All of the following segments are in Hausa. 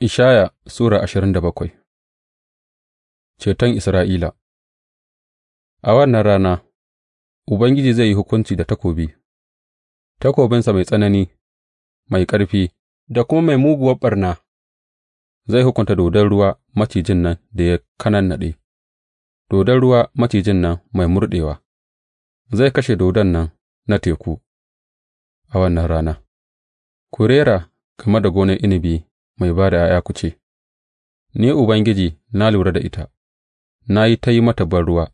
Ishaya Sura ashirin da bakwai Ceton Isra'ila A wannan rana, Ubangiji zai yi hukunci da takobi, takobinsa mai tsanani, mai ƙarfi da kuma mai muguwar ɓarna, zai hukunta dodon ruwa macijin nan da ya kanannaɗe, dodon ruwa macijin nan mai murɗewa, zai kashe dodon nan na teku a wannan rana, ku rera game da gonar inabi mai ba da ’ya'ya ku ce, Ni Ubangiji na lura da ita, na yi ta yi mata banruwa,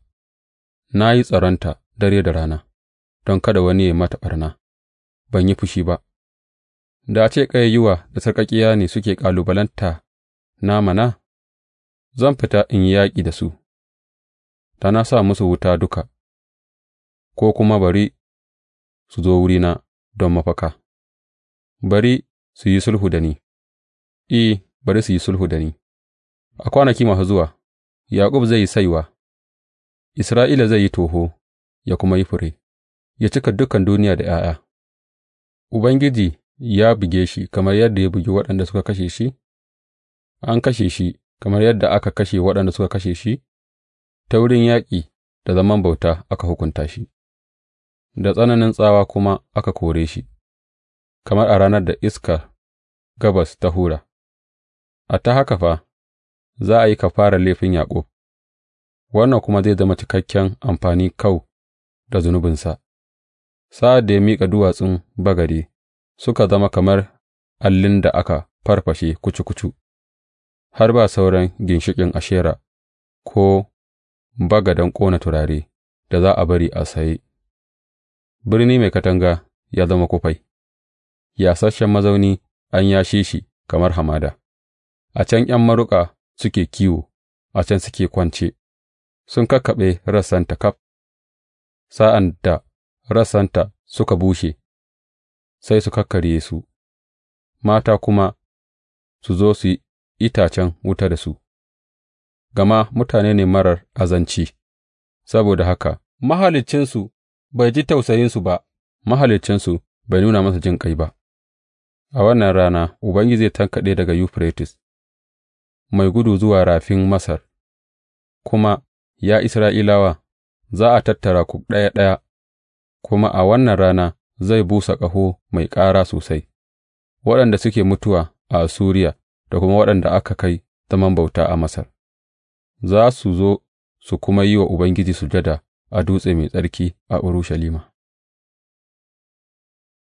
na yi tsaronta dare da rana, don kada wani ya mata ɓarna, ban yi fushi ba, da a ce ƙayayyuwa da sarƙaƙiya ne suke ƙalubalanta na mana, zan fita in yi yaƙi da su, Ta na sa musu wuta duka, ko kuma bari su zo wurina don mafaka, bari su yi sulhu da ni. I, bari su yi sulhu da ni, a kwanaki masu zuwa, Yaƙub zai yi saiwa, Isra'ila zai yi toho, ya kuma yi fure, ya cika dukan duniya da ’ya'ya. Ubangiji ya buge shi kamar yadda ya bugi waɗanda suka kashe shi, an kashe shi kamar yadda aka kashe waɗanda suka kashe shi, ta wurin yaƙi da zaman bauta aka hukunta shi, da tsananin tsawa kuma aka kore shi, kamar a ranar da iska gabas ta hura. a ta haka fa za a yi kafarar laifin Yaƙub, wannan kuma zai zama cikakken amfani kau da zunubinsa, sa'ad da ya miƙa duwatsun bagade suka zama kamar allin da aka farfashe kucu kucu, har ba sauran ginshiƙin ashera ko bagadan ƙona turare da za a bari a saye, birni mai katanga ya zama kufai, yasasshen mazauni an yashe shi kamar hamada. a can ’yan maruƙa suke kiwo, a can suke kwance, sun kakkaɓe rassanta kaf, sa'an da rassanta suka bushe, sai su kakkarye su, mata kuma su zo su itacen wuta da su, gama mutane ne marar azanci, saboda haka mahaliccinsu bai ji tausayinsu ba, mahaliccinsu bai nuna masa jin ƙai ba. A wannan rana Ubangiji zai tankaɗe daga Yuferites mai gudu zuwa rafin Masar, kuma, ya Isra'ilawa, za a tattara ku ɗaya ɗaya, kuma a wannan rana zai busa ƙaho mai ƙara sosai, waɗanda suke mutuwa a Assuriya da kuma waɗanda aka kai zaman bauta a Masar, za su zo su kuma yi wa Ubangiji sujada a dutse mai tsarki a Urushalima.